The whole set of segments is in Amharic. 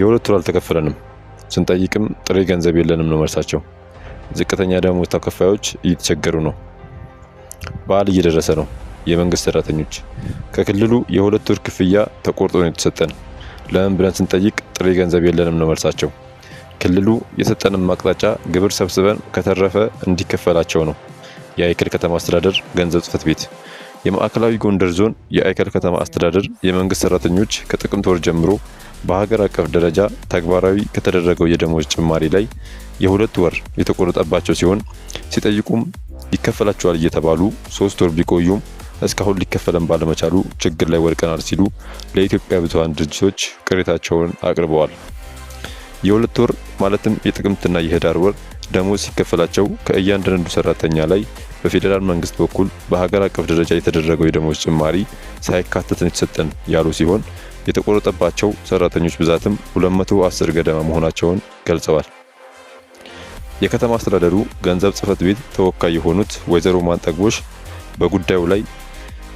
የሁለት ወር አልተከፈለንም። ስንጠይቅም ጥሬ ገንዘብ የለንም ነው መልሳቸው። ዝቅተኛ ደሞዝ ተከፋዮች እየተቸገሩ ነው። በዓል እየደረሰ ነው። የመንግስት ሰራተኞች ከክልሉ የሁለት ወር ክፍያ ተቆርጦ ነው የተሰጠን። ለምን ብለን ስንጠይቅ ጥሬ ገንዘብ የለንም ነው መልሳቸው። ክልሉ የሰጠንም አቅጣጫ ግብር ሰብስበን ከተረፈ እንዲከፈላቸው ነው። የአይክል ከተማ አስተዳደር ገንዘብ ጽህፈት ቤት የማዕከላዊ ጎንደር ዞን የአይከል ከተማ አስተዳደር የመንግስት ሰራተኞች ከጥቅምት ወር ጀምሮ በሀገር አቀፍ ደረጃ ተግባራዊ ከተደረገው የደሞዝ ጭማሪ ላይ የሁለት ወር የተቆረጠባቸው ሲሆን ሲጠይቁም ይከፈላቸዋል እየተባሉ ሶስት ወር ቢቆዩም እስካሁን ሊከፈለን ባለመቻሉ ችግር ላይ ወድቀናል ሲሉ ለኢትዮጵያ ብዙሃን ድርጅቶች ቅሬታቸውን አቅርበዋል። የሁለት ወር ማለትም የጥቅምትና የህዳር ወር ደሞዝ ሲከፈላቸው ከእያንዳንዱ ሰራተኛ ላይ በፌዴራል መንግስት በኩል በሀገር አቀፍ ደረጃ የተደረገው የደሞዝ ጭማሪ ሳይካተትን የተሰጠን ያሉ ሲሆን የተቆረጠባቸው ሰራተኞች ብዛትም 210 ገደማ መሆናቸውን ገልጸዋል። የከተማ አስተዳደሩ ገንዘብ ጽህፈት ቤት ተወካይ የሆኑት ወይዘሮ ማንጠግቦሽ በጉዳዩ ላይ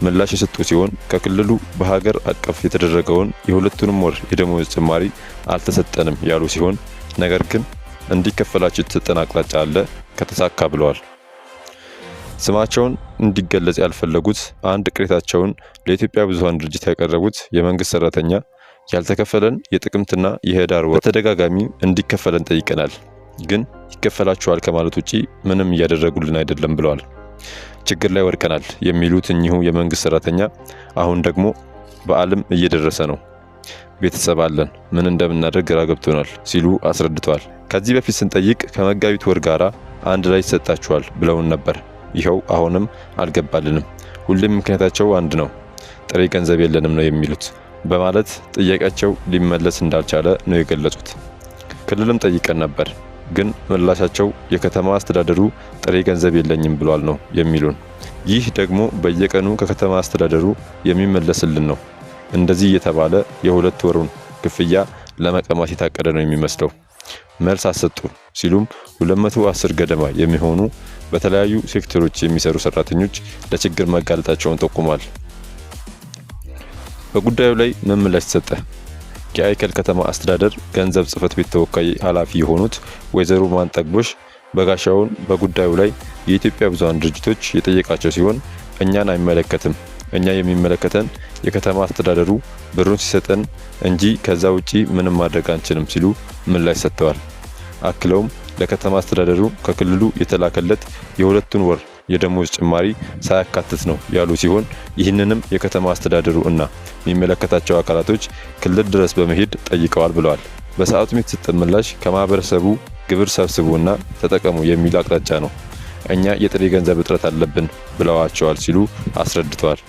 ምላሽ የሰጡ ሲሆን ከክልሉ በሀገር አቀፍ የተደረገውን የሁለቱንም ወር የደሞዝ ጭማሪ አልተሰጠንም ያሉ ሲሆን ነገር ግን እንዲከፈላቸው የተሰጠን አቅጣጫ አለ ከተሳካ ብለዋል። ስማቸውን እንዲገለጽ ያልፈለጉት አንድ ቅሬታቸውን ለኢትዮጵያ ብዙሃን ድርጅት ያቀረቡት የመንግስት ሰራተኛ ያልተከፈለን የጥቅምትና የህዳር ወር በተደጋጋሚ እንዲከፈለን ጠይቀናል፣ ግን ይከፈላችኋል ከማለት ውጪ ምንም እያደረጉልን አይደለም ብለዋል። ችግር ላይ ወድቀናል የሚሉት እኚሁ የመንግስት ሰራተኛ አሁን ደግሞ በዓልም እየደረሰ ነው፣ ቤተሰብ አለን፣ ምን እንደምናደርግ ግራ ገብቶናል ሲሉ አስረድተዋል። ከዚህ በፊት ስንጠይቅ ከመጋቢት ወር ጋራ አንድ ላይ ይሰጣችኋል ብለውን ነበር ይኸው አሁንም አልገባልንም። ሁሌም ምክንያታቸው አንድ ነው፣ ጥሬ ገንዘብ የለንም ነው የሚሉት በማለት ጥያቄያቸው ሊመለስ እንዳልቻለ ነው የገለጹት። ክልልም ጠይቀን ነበር፣ ግን ምላሻቸው የከተማ አስተዳደሩ ጥሬ ገንዘብ የለኝም ብሏል ነው የሚሉን። ይህ ደግሞ በየቀኑ ከከተማ አስተዳደሩ የሚመለስልን ነው። እንደዚህ እየተባለ የሁለት ወሩን ክፍያ ለመቀማት የታቀደ ነው የሚመስለው። መልስ አሰጡ ሲሉም 210 ገደማ የሚሆኑ በተለያዩ ሴክተሮች የሚሰሩ ሰራተኞች ለችግር መጋለጣቸውን ጠቁሟል። በጉዳዩ ላይ መምላሽ ተሰጠ? የአይከል ከተማ አስተዳደር ገንዘብ ጽህፈት ቤት ተወካይ ኃላፊ የሆኑት ወይዘሮ ማንጠግቦሽ በጋሻውን በጉዳዩ ላይ የኢትዮጵያ ብዙሃን ድርጅቶች የጠየቃቸው ሲሆን እኛን አይመለከትም፣ እኛ የሚመለከተን የከተማ አስተዳደሩ ብሩን ሲሰጠን እንጂ ከዛ ውጪ ምንም ማድረግ አንችልም ሲሉ ምላሽ ሰጥተዋል። አክለውም ለከተማ አስተዳደሩ ከክልሉ የተላከለት የሁለቱን ወር የደሞዝ ጭማሪ ሳያካትት ነው ያሉ ሲሆን ይህንንም የከተማ አስተዳደሩ እና የሚመለከታቸው አካላቶች ክልል ድረስ በመሄድ ጠይቀዋል ብለዋል። በሰዓቱ የተሰጠ ምላሽ ከማህበረሰቡ ግብር ሰብስቡ እና ተጠቀሙ የሚል አቅጣጫ ነው፣ እኛ የጥሬ ገንዘብ እጥረት አለብን ብለዋቸዋል ሲሉ አስረድተዋል።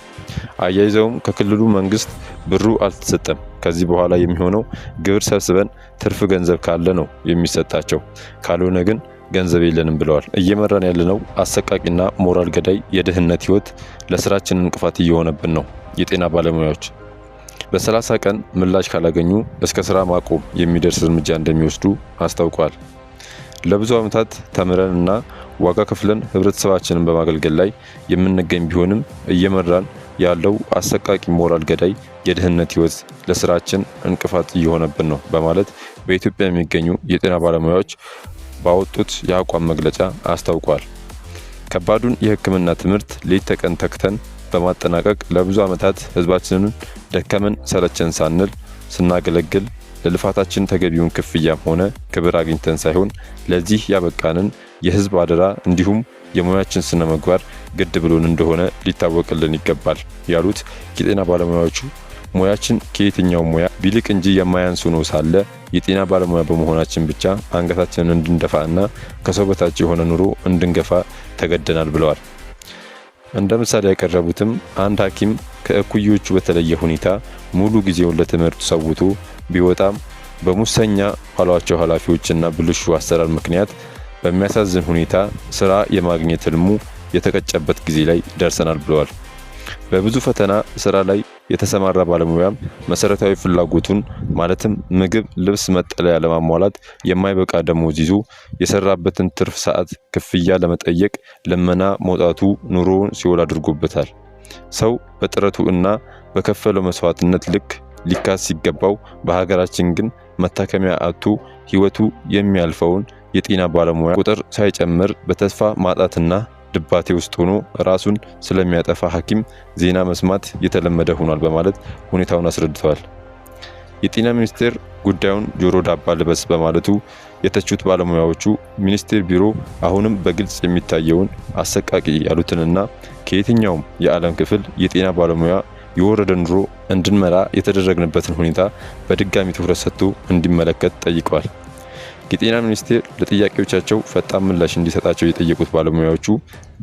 አያይዘውም ከክልሉ መንግስት ብሩ አልተሰጠም፣ ከዚህ በኋላ የሚሆነው ግብር ሰብስበን ትርፍ ገንዘብ ካለ ነው የሚሰጣቸው፣ ካልሆነ ግን ገንዘብ የለንም ብለዋል። እየመራን ያለነው አሰቃቂና ሞራል ገዳይ የድህነት ህይወት ለስራችን እንቅፋት እየሆነብን ነው። የጤና ባለሙያዎች በሰላሳ ቀን ምላሽ ካላገኙ እስከ ስራ ማቆም የሚደርስ እርምጃ እንደሚወስዱ አስታውቋል። ለብዙ ዓመታት ተምረን እና ዋጋ ክፍለን ህብረተሰባችንን በማገልገል ላይ የምንገኝ ቢሆንም እየመራን ያለው አሰቃቂ ሞራል ገዳይ የድህነት ህይወት ለስራችን እንቅፋት እየሆነብን ነው በማለት በኢትዮጵያ የሚገኙ የጤና ባለሙያዎች ባወጡት የአቋም መግለጫ አስታውቋል። ከባዱን የህክምና ትምህርት ሌት ተቀን ተክተን በማጠናቀቅ ለብዙ ዓመታት ህዝባችንን ደከመን ሰለቸን ሳንል ስናገለግል ለልፋታችን ተገቢውን ክፍያም ሆነ ክብር አግኝተን ሳይሆን ለዚህ ያበቃንን የህዝብ አደራ እንዲሁም የሙያችን ስነ ምግባር ግድ ብሎን እንደሆነ ሊታወቅልን ይገባል ያሉት የጤና ባለሙያዎቹ ሙያችን ከየትኛው ሙያ ቢልቅ እንጂ የማያንስ ሆኖ ሳለ የጤና ባለሙያ በመሆናችን ብቻ አንገታችንን እንድንደፋና ከሰው በታች የሆነ ኑሮ እንድንገፋ ተገደናል ብለዋል። እንደ ምሳሌ ያቀረቡትም አንድ ሐኪም ከእኩዮቹ በተለየ ሁኔታ ሙሉ ጊዜውን ለትምህርቱ ሰውቶ ቢወጣም በሙሰኛ ባሏቸው ኃላፊዎችና ብልሹ አሰራር ምክንያት በሚያሳዝን ሁኔታ ስራ የማግኘት ህልሙ የተቀጨበት ጊዜ ላይ ደርሰናል ብለዋል። በብዙ ፈተና ስራ ላይ የተሰማራ ባለሙያም መሰረታዊ ፍላጎቱን ማለትም ምግብ፣ ልብስ፣ መጠለያ ለማሟላት የማይበቃ ደሞዝ ይዞ የሰራበትን ትርፍ ሰዓት ክፍያ ለመጠየቅ ልመና መውጣቱ ኑሮውን ሲወል አድርጎበታል። ሰው በጥረቱ እና በከፈለው መስዋዕትነት ልክ ሊካስ ሲገባው፣ በሀገራችን ግን መታከሚያ አጥቶ ህይወቱ የሚያልፈውን የጤና ባለሙያ ቁጥር ሳይጨምር በተስፋ ማጣትና ድባቴ ውስጥ ሆኖ ራሱን ስለሚያጠፋ ሐኪም ዜና መስማት የተለመደ ሆኗል በማለት ሁኔታውን አስረድተዋል። የጤና ሚኒስቴር ጉዳዩን ጆሮ ዳባ ልበስ በማለቱ የተቹት ባለሙያዎቹ ሚኒስቴር ቢሮ አሁንም በግልጽ የሚታየውን አሰቃቂ ያሉትንና ከየትኛውም የዓለም ክፍል የጤና ባለሙያ የወረደ ኑሮ እንድንመራ የተደረግንበትን ሁኔታ በድጋሚ ትኩረት ሰጥቶ እንዲመለከት ጠይቀዋል። የጤና ሚኒስቴር ለጥያቄዎቻቸው ፈጣን ምላሽ እንዲሰጣቸው የጠየቁት ባለሙያዎቹ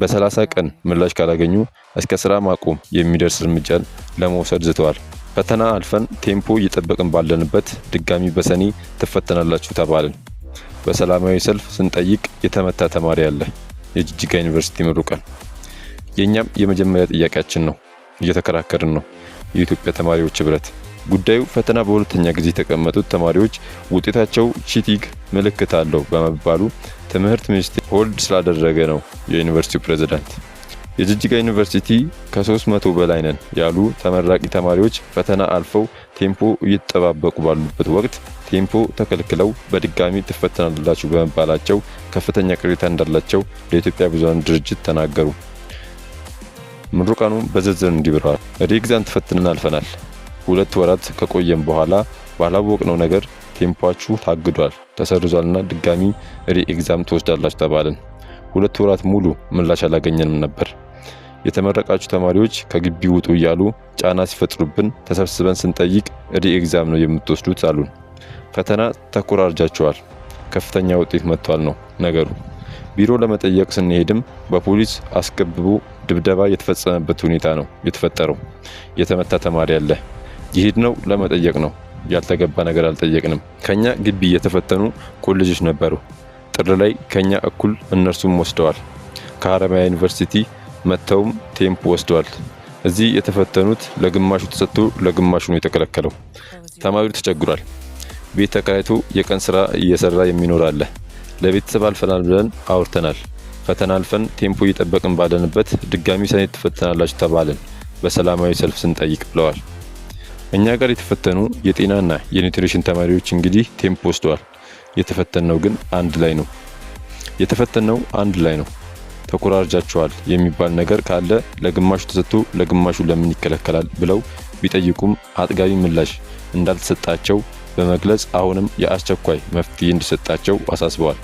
በ30 ቀን ምላሽ ካላገኙ እስከ ስራ ማቆም የሚደርስ እርምጃን ለመውሰድ ዝተዋል። ፈተና አልፈን ቴምፖ እየጠበቅን ባለንበት ድጋሚ በሰኔ ትፈተናላችሁ ተባልን። በሰላማዊ ሰልፍ ስንጠይቅ የተመታ ተማሪ አለ። የጅጅጋ ዩኒቨርሲቲ ምሩቀን። የእኛም የመጀመሪያ ጥያቄያችን ነው። እየተከራከርን ነው። የኢትዮጵያ ተማሪዎች ህብረት ጉዳዩ ፈተና በሁለተኛ ጊዜ የተቀመጡት ተማሪዎች ውጤታቸው ቺቲንግ ምልክት አለው በመባሉ ትምህርት ሚኒስቴር ሆልድ ስላደረገ ነው። የዩኒቨርሲቲው ፕሬዝዳንት የጅጅጋ ዩኒቨርሲቲ ከ300 በላይ ነን ያሉ ተመራቂ ተማሪዎች ፈተና አልፈው ቴምፖ እየተጠባበቁ ባሉበት ወቅት ቴምፖ ተከልክለው በድጋሚ ትፈተናላችሁ በመባላቸው ከፍተኛ ቅሬታ እንዳላቸው ለኢትዮጵያ ብዙሃን ድርጅት ተናገሩ። ምሩቃኑ በዝርዝር እንዲህ ብለዋል። ሪግዛን ተፈትነን አልፈናል ሁለት ወራት ከቆየም በኋላ ባላወቅነው ነገር ቴምፖችሁ ታግዷል፣ ተሰርዟልና ድጋሚ ሪ ኤግዛም ትወስዳላችሁ ተባልን። ሁለት ወራት ሙሉ ምላሽ አላገኘንም ነበር። የተመረቃችሁ ተማሪዎች ከግቢ ውጡ እያሉ ጫና ሲፈጥሩብን ተሰብስበን ስንጠይቅ ሪ ኤግዛም ነው የምትወስዱት አሉን። ፈተና ተኮራርጃቸዋል፣ ከፍተኛ ውጤት መጥቷል ነው ነገሩ። ቢሮ ለመጠየቅ ስንሄድም በፖሊስ አስከብቦ ድብደባ የተፈጸመበት ሁኔታ ነው የተፈጠረው። የተመታ ተማሪ አለ። ይሄድ ነው ለመጠየቅ ነው። ያልተገባ ነገር አልጠየቅንም። ከኛ ግቢ የተፈተኑ ኮሌጆች ነበሩ። ጥር ላይ ከኛ እኩል እነርሱም ወስደዋል። ከሀረማያ ዩኒቨርሲቲ መጥተውም ቴምፕ ወስደዋል። እዚህ የተፈተኑት ለግማሹ ተሰጥቶ ለግማሹ ነው የተከለከለው። ተማሪው ተቸግሯል። ቤት ተከራይቶ የቀን ስራ እየሰራ የሚኖር አለ። ለቤተሰብ አልፈናል ብለን አውርተናል። ፈተና አልፈን ቴምፖ እየጠበቅን ባለንበት ድጋሚ ሰኔ ትፈተናላችሁ ተባልን። በሰላማዊ ሰልፍ ስንጠይቅ ብለዋል። እኛ ጋር የተፈተኑ የጤናና የኒትሪሽን ተማሪዎች እንግዲህ ቴምፕ ወስደዋል። የተፈተነው ግን አንድ ላይ ነው። የተፈተነው አንድ ላይ ነው። ተኮራርጃቸዋል የሚባል ነገር ካለ ለግማሹ ተሰጥቶ ለግማሹ ለምን ይከለከላል ብለው ቢጠይቁም አጥጋቢ ምላሽ እንዳልተሰጣቸው በመግለጽ አሁንም የአስቸኳይ መፍትሄ እንዲሰጣቸው አሳስበዋል።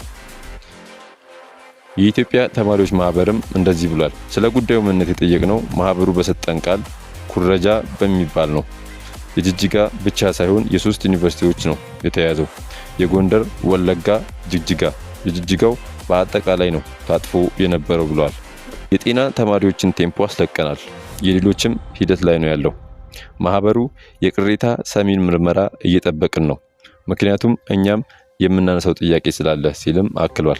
የኢትዮጵያ ተማሪዎች ማህበርም እንደዚህ ብሏል። ስለ ጉዳዩ ምንነት የጠየቅነው ማህበሩ በሰጠን ቃል ኩረጃ በሚባል ነው። የጅጅጋ ብቻ ሳይሆን የሶስት ዩኒቨርሲቲዎች ነው የተያዘው። የጎንደር፣ ወለጋ፣ ጅጅጋ። የጅጅጋው በአጠቃላይ ነው ታጥፎ የነበረው ብለዋል። የጤና ተማሪዎችን ቴምፖ አስለቀናል። የሌሎችም ሂደት ላይ ነው ያለው። ማህበሩ የቅሬታ ሰሚን ምርመራ እየጠበቅን ነው፣ ምክንያቱም እኛም የምናነሳው ጥያቄ ስላለ ሲልም አክሏል።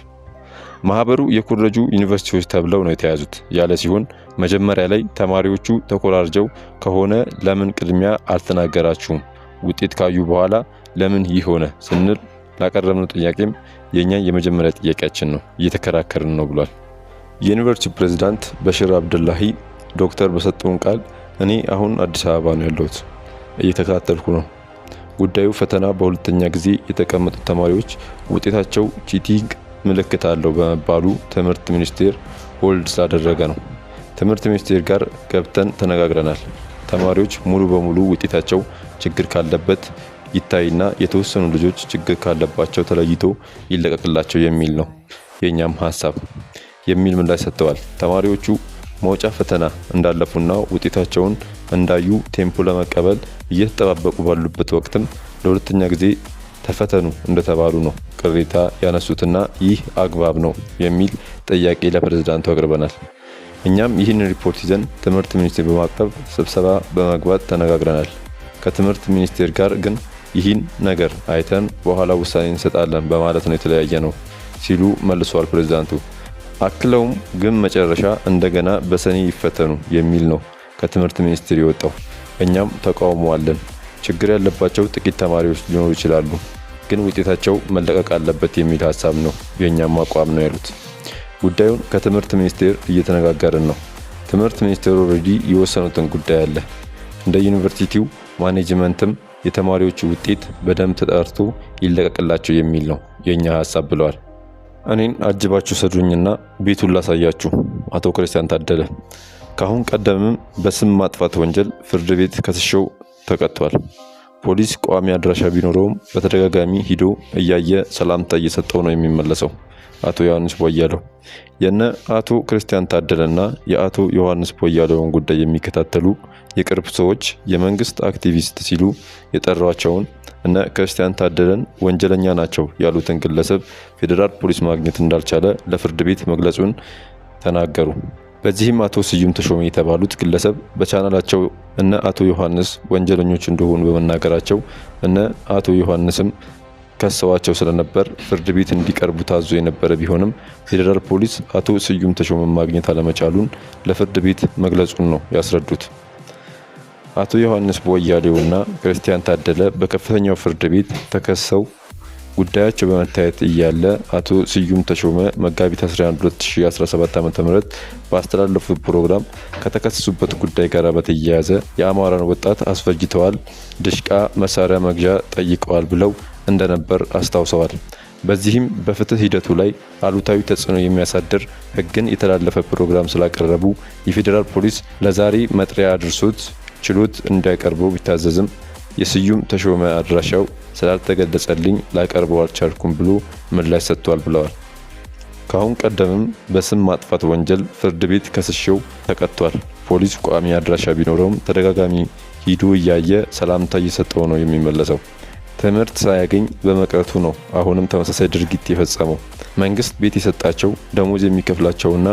ማህበሩ የኩረጁ ዩኒቨርሲቲዎች ተብለው ነው የተያዙት ያለ ሲሆን መጀመሪያ ላይ ተማሪዎቹ ተኮራርጀው ከሆነ ለምን ቅድሚያ አልተናገራችሁም? ውጤት ካዩ በኋላ ለምን ይህ ሆነ ስንል ላቀረብነው ጥያቄም የእኛ የመጀመሪያ ጥያቄያችን ነው እየተከራከርን ነው ብሏል። የዩኒቨርሲቲው ፕሬዝዳንት በሽር አብደላሂ ዶክተር በሰጠውን ቃል እኔ አሁን አዲስ አበባ ነው ያለሁት፣ እየተከታተልኩ ነው። ጉዳዩ ፈተና በሁለተኛ ጊዜ የተቀመጡት ተማሪዎች ውጤታቸው ቺቲንግ ምልክት አለው በመባሉ ትምህርት ሚኒስቴር ሆልድ ስላደረገ ነው። ትምህርት ሚኒስቴር ጋር ገብተን ተነጋግረናል። ተማሪዎች ሙሉ በሙሉ ውጤታቸው ችግር ካለበት ይታይና የተወሰኑ ልጆች ችግር ካለባቸው ተለይቶ ይለቀቅላቸው የሚል ነው የእኛም ሀሳብ የሚል ምላሽ ሰጥተዋል። ተማሪዎቹ መውጫ ፈተና እንዳለፉና ውጤታቸውን እንዳዩ ቴምፖ ለመቀበል እየተጠባበቁ ባሉበት ወቅትም ለሁለተኛ ጊዜ ተፈተኑ እንደተባሉ ነው ቅሬታ ያነሱትና ይህ አግባብ ነው የሚል ጥያቄ ለፕሬዝዳንቱ አቅርበናል። እኛም ይህን ሪፖርት ይዘን ትምህርት ሚኒስቴር በማቅረብ ስብሰባ በመግባት ተነጋግረናል። ከትምህርት ሚኒስቴር ጋር ግን ይህን ነገር አይተን በኋላ ውሳኔ እንሰጣለን በማለት ነው የተለያየ ነው ሲሉ መልሷል ፕሬዝዳንቱ። አክለውም ግን መጨረሻ እንደገና በሰኔ ይፈተኑ የሚል ነው ከትምህርት ሚኒስቴር የወጣው። እኛም ተቃውሞ አለን። ችግር ያለባቸው ጥቂት ተማሪዎች ሊኖሩ ይችላሉ፣ ግን ውጤታቸው መለቀቅ አለበት የሚል ሀሳብ ነው የእኛም አቋም ነው ያሉት። ጉዳዩን ከትምህርት ሚኒስቴር እየተነጋገርን ነው። ትምህርት ሚኒስቴር ኦልሬዲ የወሰኑትን ጉዳይ አለ። እንደ ዩኒቨርሲቲው ማኔጅመንትም የተማሪዎቹ ውጤት በደንብ ተጣርቶ ይለቀቅላቸው የሚል ነው የእኛ ሀሳብ ብለዋል። እኔን አጅባችሁ ሰዱኝና ቤቱን ላሳያችሁ። አቶ ክርስቲያን ታደለ ከአሁን ቀደምም በስም ማጥፋት ወንጀል ፍርድ ቤት ከስሸው ተቀጥቷል። ፖሊስ ቋሚ አድራሻ ቢኖረውም በተደጋጋሚ ሂዶ እያየ ሰላምታ እየሰጠው ነው የሚመለሰው። አቶ ዮሐንስ ቦያለው የነ አቶ ክርስቲያን እና የአቶ ዮሐንስ ቦያለውን ጉዳይ የሚከታተሉ የቅርብ ሰዎች የመንግስት አክቲቪስት ሲሉ የጠሯቸውን እነ ክርስቲያን ታደለን ወንጀለኛ ናቸው ያሉትን ግለሰብ ፌዴራል ፖሊስ ማግኘት እንዳልቻለ ለፍርድ ቤት መግለጹን ተናገሩ። በዚህም አቶ ስዩም ተሾመ የተባሉት ግለሰብ በቻናላቸው እነ አቶ ዮሐንስ ወንጀለኞች እንደሆኑ በመናገራቸው እነ አቶ ዮሐንስም ከሰዋቸው ስለነበር ፍርድ ቤት እንዲቀርቡ ታዞ የነበረ ቢሆንም ፌዴራል ፖሊስ አቶ ስዩም ተሾመ ማግኘት አለመቻሉን ለፍርድ ቤት መግለጹን ነው ያስረዱት። አቶ ዮሐንስ በወያሌውና ክርስቲያን ታደለ በከፍተኛው ፍርድ ቤት ተከሰው ጉዳያቸው በመታየት እያለ አቶ ስዩም ተሾመ መጋቢት 11 2017 ዓ ም ባስተላለፉት ፕሮግራም ከተከሰሱበት ጉዳይ ጋር በተያያዘ የአማራን ወጣት አስፈጅተዋል፣ ድሽቃ መሳሪያ መግዣ ጠይቀዋል ብለው እንደነበር አስታውሰዋል። በዚህም በፍትህ ሂደቱ ላይ አሉታዊ ተጽዕኖ የሚያሳድር ህግን የተላለፈ ፕሮግራም ስላቀረቡ የፌዴራል ፖሊስ ለዛሬ መጥሪያ አድርሶት ችሎት እንዳይቀርበው ቢታዘዝም የስዩም ተሾመ አድራሻው ስላልተገለጸልኝ ላቀርበው አልቻልኩም ብሎ ምላሽ ሰጥቷል ብለዋል። ከአሁን ቀደምም በስም ማጥፋት ወንጀል ፍርድ ቤት ከስሼው ተቀጥቷል። ፖሊስ ቋሚ አድራሻ ቢኖረውም ተደጋጋሚ ሂዶ እያየ ሰላምታ እየሰጠው ነው የሚመለሰው። ትምህርት ሳያገኝ በመቅረቱ ነው አሁንም ተመሳሳይ ድርጊት የፈጸመው። መንግስት ቤት የሰጣቸው ደሞዝ የሚከፍላቸውና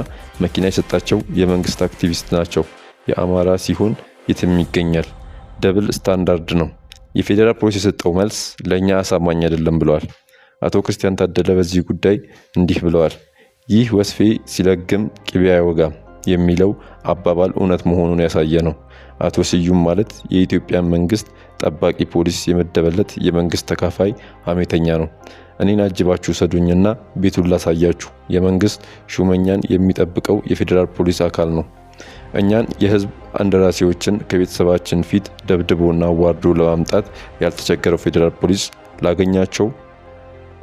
መኪና የሰጣቸው የመንግስት አክቲቪስት ናቸው። የአማራ ሲሆን የትም ይገኛል። ደብል ስታንዳርድ ነው። የፌዴራል ፖሊስ የሰጠው መልስ ለእኛ አሳማኝ አይደለም ብለዋል። አቶ ክርስቲያን ታደለ በዚህ ጉዳይ እንዲህ ብለዋል። ይህ ወስፌ ሲለግም ቅቤ አይወጋም የሚለው አባባል እውነት መሆኑን ያሳየ ነው። አቶ ስዩም ማለት የኢትዮጵያን መንግስት ጠባቂ ፖሊስ የመደበለት የመንግስት ተካፋይ ሐሜተኛ ነው። እኔን አጅባችሁ ሰዱኝና ቤቱን ላሳያችሁ። የመንግስት ሹመኛን የሚጠብቀው የፌዴራል ፖሊስ አካል ነው። እኛን የህዝብ እንደራሴዎችን ከቤተሰባችን ፊት ደብድቦና ዋርዶ ለማምጣት ያልተቸገረው ፌዴራል ፖሊስ ላገኛቸው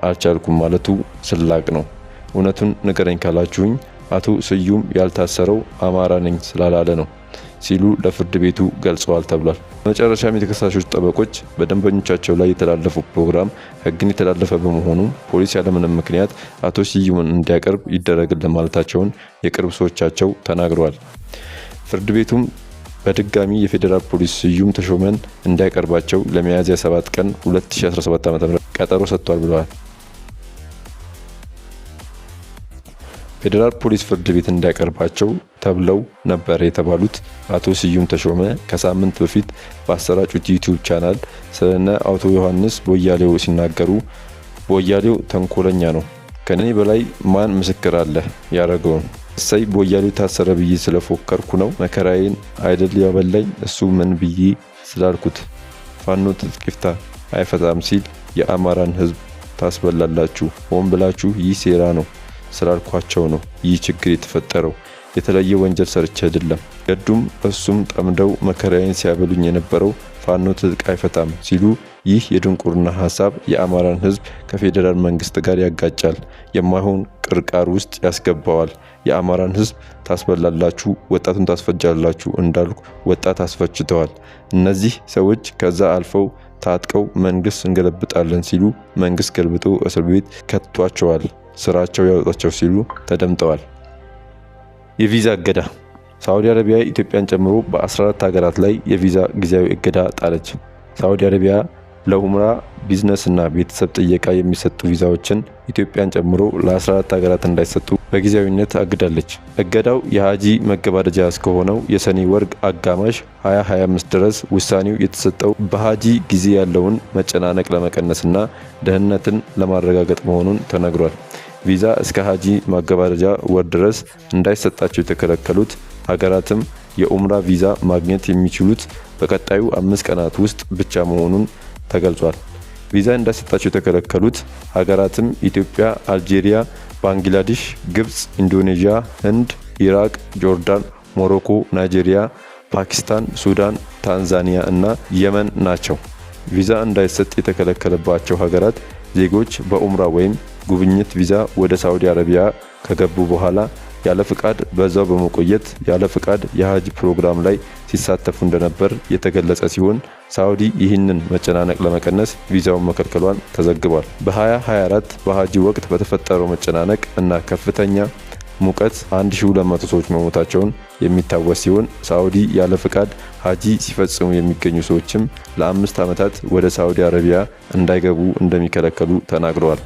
አልቻልኩም ማለቱ ስላቅ ነው። እውነቱን ንገረኝ ካላችሁኝ አቶ ስዩም ያልታሰረው አማራ ነኝ ስላላለ ነው። ሲሉ ለፍርድ ቤቱ ገልጸዋል ተብሏል። በመጨረሻም የተከሳሾች ጠበቆች በደንበኞቻቸው ላይ የተላለፈው ፕሮግራም ህግን የተላለፈ በመሆኑ ፖሊስ ያለምንም ምክንያት አቶ ስዩምን እንዲያቀርብ ይደረግልን ማለታቸውን የቅርብ ሰዎቻቸው ተናግረዋል። ፍርድ ቤቱም በድጋሚ የፌዴራል ፖሊስ ስዩም ተሾመን እንዲያቀርባቸው ለሚያዝያ 7 ቀን 2017 ዓ.ም ቀጠሮ ሰጥቷል ብለዋል። ፌዴራል ፖሊስ ፍርድ ቤት እንዲያቀርባቸው ተብለው ነበር የተባሉት አቶ ስዩም ተሾመ ከሳምንት በፊት በአሰራጩት ዩቲዩብ ቻናል ስለነ አቶ ዮሐንስ ቦያሌው ሲናገሩ ቦያሌው ተንኮለኛ ነው፣ ከኔ በላይ ማን ምስክር አለ ያደረገውን እሰይ ቦያሌው ታሰረ ብዬ ስለፎከርኩ ነው መከራዬን አይደል ያበላኝ እሱ ምን ብዬ ስላልኩት ፋኖ ትጥቅ አይፈጣም አይፈታም ሲል የአማራን ህዝብ ታስበላላችሁ ሆን ብላችሁ ይህ ሴራ ነው ስላልኳቸው ነው ይህ ችግር የተፈጠረው። የተለየ ወንጀል ሰርቼ አይደለም። ገዱም እሱም ጠምደው መከራዬን ሲያበሉኝ የነበረው ፋኖ ትጥቅ አይፈታም ሲሉ ይህ የድንቁርና ሀሳብ የአማራን ህዝብ ከፌዴራል መንግስት ጋር ያጋጫል፣ የማይሆን ቅርቃር ውስጥ ያስገባዋል። የአማራን ህዝብ ታስበላላችሁ፣ ወጣቱን ታስፈጃላችሁ እንዳልኩ ወጣት አስፈጅተዋል። እነዚህ ሰዎች ከዛ አልፈው ታጥቀው መንግስት እንገለብጣለን ሲሉ መንግስት ገልብጦ እስር ቤት ከትቷቸዋል። ስራቸው ያወጣቸው ሲሉ ተደምጠዋል። የቪዛ እገዳ ሳዑዲ አረቢያ ኢትዮጵያን ጨምሮ በ14 ሀገራት ላይ የቪዛ ጊዜያዊ እገዳ ጣለች። ሳዑዲ አረቢያ ለኡምራ ቢዝነስ እና ቤተሰብ ጥየቃ የሚሰጡ ቪዛዎችን ኢትዮጵያን ጨምሮ ለ14 ሀገራት እንዳይሰጡ በጊዜያዊነት አግዳለች። እገዳው የሀጂ መገባደጃ እስከሆነው የሰኔ ወርግ አጋማሽ 2025 ድረስ ውሳኔው የተሰጠው በሀጂ ጊዜ ያለውን መጨናነቅ ለመቀነስና ደህንነትን ለማረጋገጥ መሆኑን ተነግሯል። ቪዛ እስከ ሀጂ ማገባደጃ ወር ድረስ እንዳይሰጣቸው የተከለከሉት ሀገራትም የኡምራ ቪዛ ማግኘት የሚችሉት በቀጣዩ አምስት ቀናት ውስጥ ብቻ መሆኑን ተገልጿል። ቪዛ እንዳይሰጣቸው የተከለከሉት ሀገራትም ኢትዮጵያ፣ አልጄሪያ፣ ባንግላዴሽ፣ ግብጽ፣ ኢንዶኔዥያ፣ ህንድ፣ ኢራቅ፣ ጆርዳን፣ ሞሮኮ፣ ናይጄሪያ፣ ፓኪስታን፣ ሱዳን፣ ታንዛኒያ እና የመን ናቸው። ቪዛ እንዳይሰጥ የተከለከለባቸው ሀገራት ዜጎች በኡምራ ወይም ጉብኝት ቪዛ ወደ ሳዑዲ አረቢያ ከገቡ በኋላ ያለ ፍቃድ በዛው በመቆየት ያለ ፍቃድ የሀጅ ፕሮግራም ላይ ሲሳተፉ እንደነበር የተገለጸ ሲሆን ሳዑዲ ይህንን መጨናነቅ ለመቀነስ ቪዛውን መከልከሏን ተዘግቧል። በ2024 በሀጂ ወቅት በተፈጠረው መጨናነቅ እና ከፍተኛ ሙቀት 1200 ሰዎች መሞታቸውን የሚታወስ ሲሆን ሳዑዲ ያለ ፍቃድ ሀጂ ሲፈጽሙ የሚገኙ ሰዎችም ለአምስት ዓመታት ወደ ሳዑዲ አረቢያ እንዳይገቡ እንደሚከለከሉ ተናግረዋል።